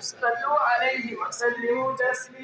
صلوا عليه وسلموا تسليما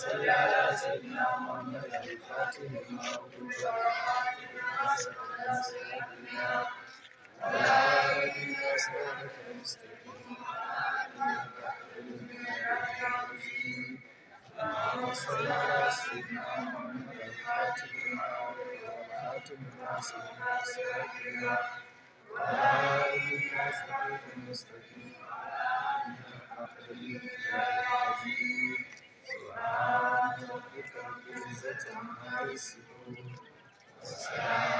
صل على سيدنا محمد الفاتح لما أغلق ناصر الناس الأبنياء وعلى آله وأصحابه المستقيم إنك حميد مجيد اللهم صل على سيدنا محمد الفاتح لما أغلق خاتم الناس الناس الأبنياء وعلى Shabbat.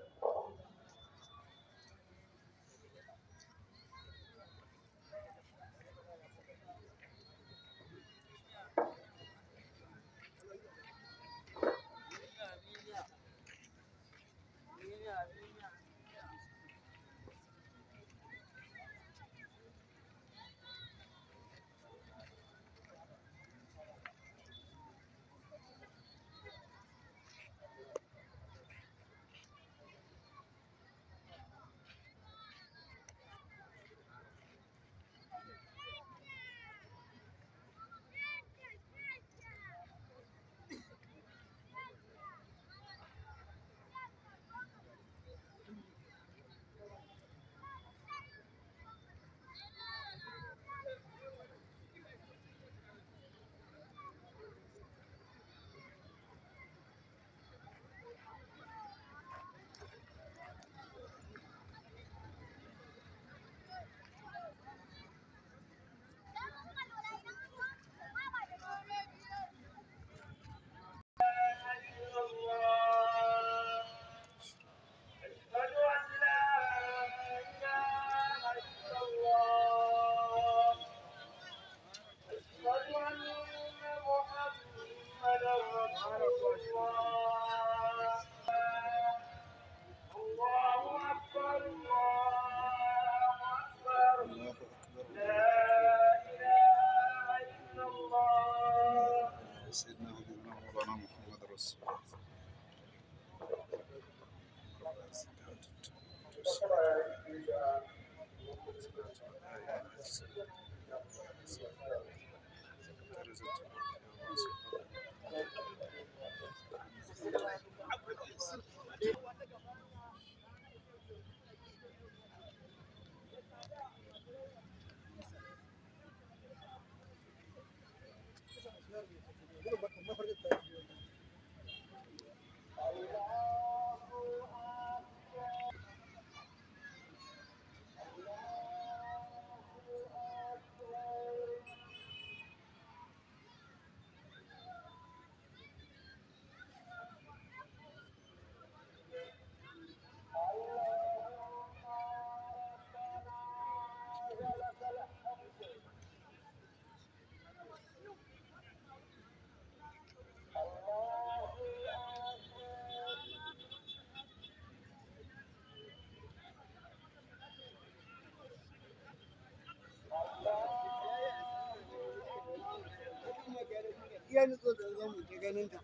iya nutso da zamu ganin ta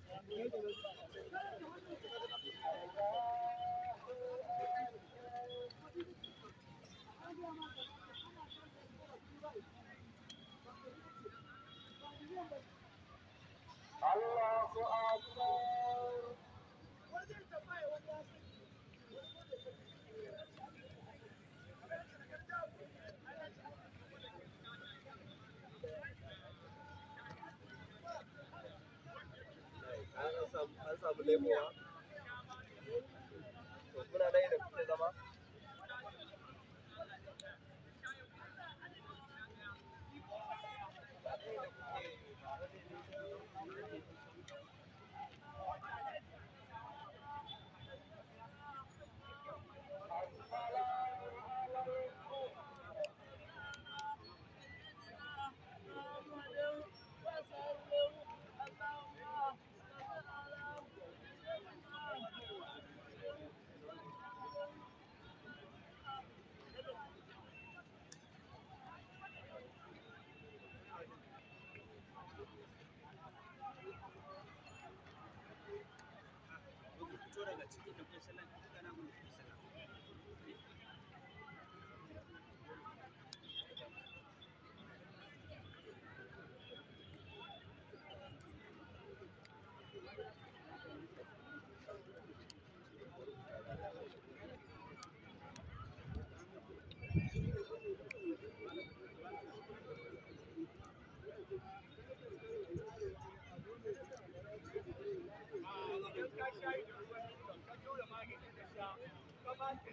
Allahu Akbar 还是不累吗？Ku fito daga cikin da kun Thank you.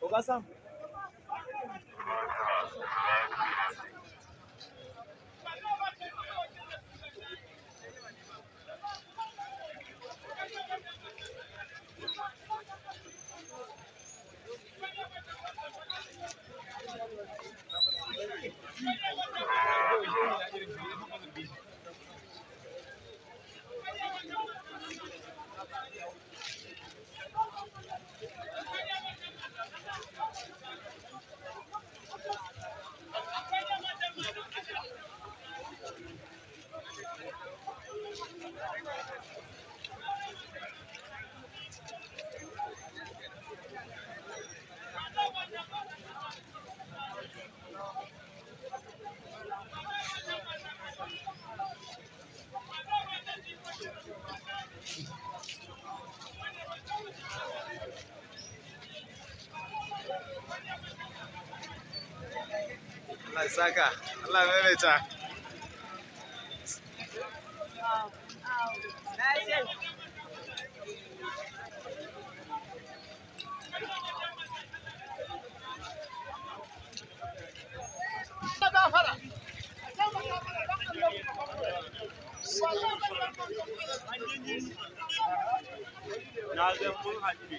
Ogasan. Allah saka Allah maimaita Na zan mun haɗu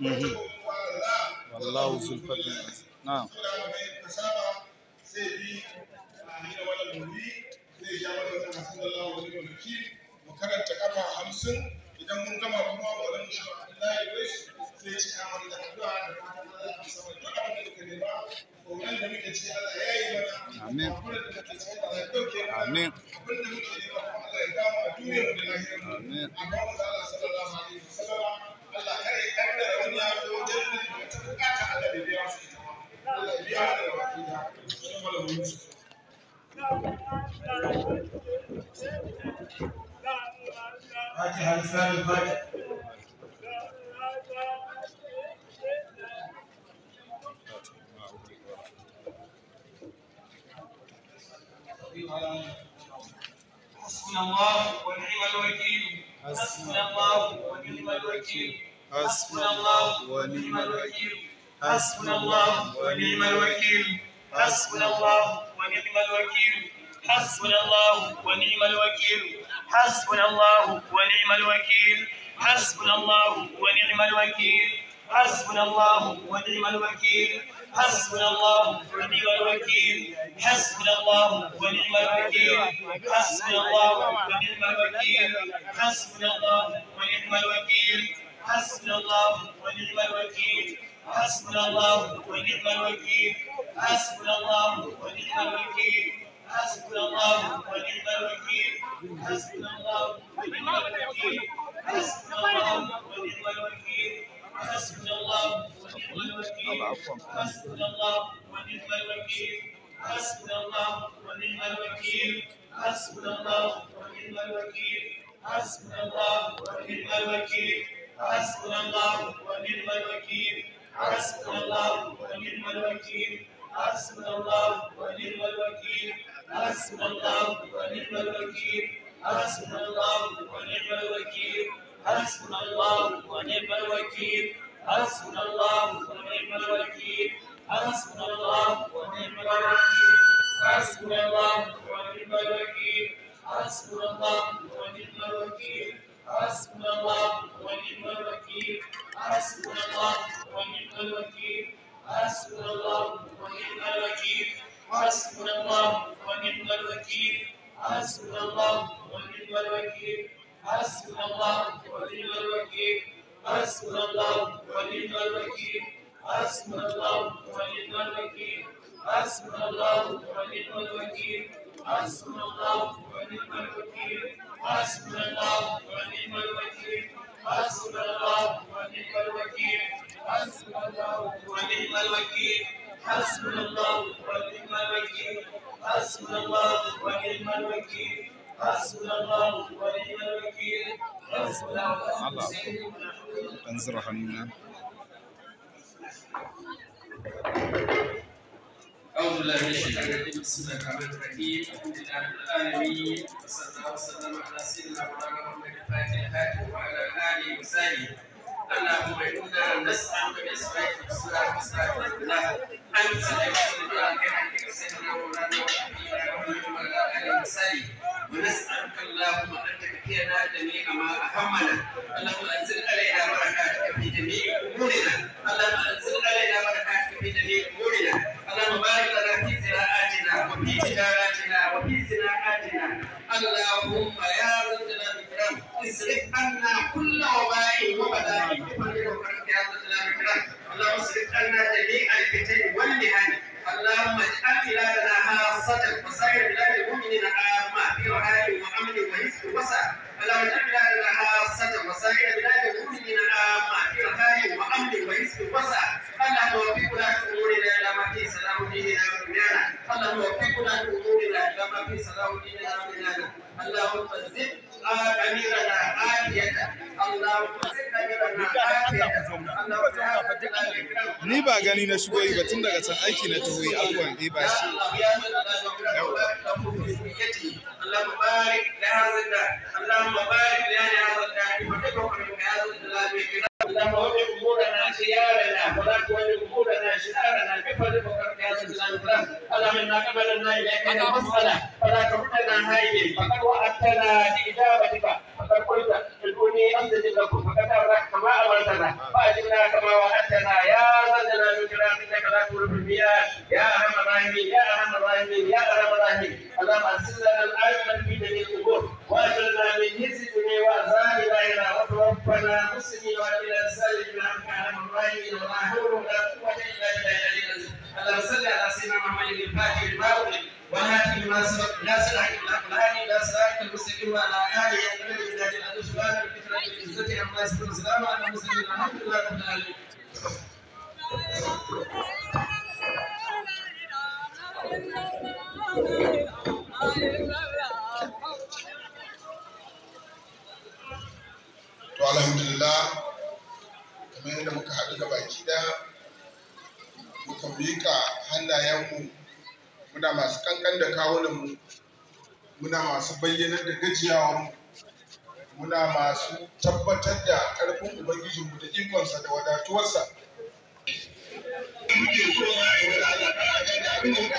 Mhm. wallahu zulfatul na'am mu karanta فاتحة لسان الفاتح حسبنا الله ونعم الوكيل حسبنا الله ونعم الوكيل حسبنا الله ونعم الوكيل حسبنا الله ونعم الوكيل حسبنا الله ونعم الوكيل حسبنا الله ونعم الوكيل حسبنا الله ونعم الوكيل حسبنا الله ونعم الوكيل حسبنا الله ونعم الوكيل حسبنا الله ونعم الوكيل حسبنا الله ونعم الوكيل حسبنا الله ونعم الوكيل حسبنا الله ونعم الوكيل حسبنا الله ونعم الوكيل حسبنا الله ونعم الوكيل حسبنا الله ونعم الوكيل حسبنا الله ونعم الوكيل حسبنا الله ونعم الوكيل حسبنا الله ونعم الوكيل حسبنا الله ونعم الوكيل حسبنا الله ونعم الوكيل حسبنا الله ونعم الوكيل حسبنا الله ونعم الوكيل حسبنا الله ونعم الوكيل حسبنا الله ونعم الوكيل حسبنا الله ونعم الوكيل حسبنا الله ونعم الوكيل حسبنا الله ونعم الوكيل حسبنا الله ونعم الوكيل حسبنا الله ونعم الوكيل حسبنا الله ونعم الوكيل حسبنا الله ونعم الوكيل حسبنا الله ونعم الوكيل حسبنا الله ونعم الوكيل حسبنا الله ونعم الوكيل حسبنا الله ونعم الوكيل حسبنا الله ونعم الوكيل حسبنا الله ونعم الوكيل حسبنا الله ونعم الوكيل حسبنا الله ونعم الوكيل حسبنا الله ونعم الوكيل حسبنا الله ونعم الوكيل حسبنا الله ونعم الوكيل حسبنا الله ونعم الوكيل حسبنا الله ونعم الوكيل حسبنا الله ونعم الوكيل حسبنا الله ونعم الوكيل حسبنا الله نزرحمنا أعوذ بالله من الشيطان بسم الله الرحمن الرحيم الحمد لله رب العالمين وصلى وسلم على سيدنا محمد وعلى آله وصحبه اللهم إنا نسألك بأسمائك الحسنى وحسنى أخلاقنا أن تسلم سيدنا مولانا وعلى آله وصحبه ونسألك اللهم أن تكفينا جميع ما أهمنا اللهم أنزل علينا بركاتك في جميع أمورنا اللهم أنزل علينا بركاتك في جميع أمورنا اللهم بارك لنا في زراعاتنا وفي تجاراتنا وفي صناعاتنا اللهم يا ذا الجلال والإكرام اصرف عنا كل وباء وبلاء بفضلك وبركاته يا ذا الجلال والإكرام اللهم اصرف عنا جميع الفتن والمهن اللهم اجعل بلادنا خاصة وسائر بلاد المؤمنين عامة في رعاية وأمن ورزق وسعة اللهم اجعل بلادنا خاصة وسائر بلاد المؤمنين عامة في رعاية وأمن ورزق وسعة اللهم وفق ولاة أمورنا إلى ما في صلاح ديننا ودنيانا اللهم وفق ولاة أمورنا إلى ما في صلاح ديننا ودنيانا اللهم زد أميرنا عافية اللهم زد أميرنا عافية اللهم ni ba gani na shigo yi ba tun daga can aiki na taho yi abubuwan yi ba shi Allah mabarik الله to alhamdulillah kamar yadda muka haɗu da baki da muka miƙa hannayenmu muna masu kankan da kawunanmu muna masu bayyanar da gajiyawarmu muna masu tabbatar da ƙarfin mu da ikonsa da wadatuwarsa muke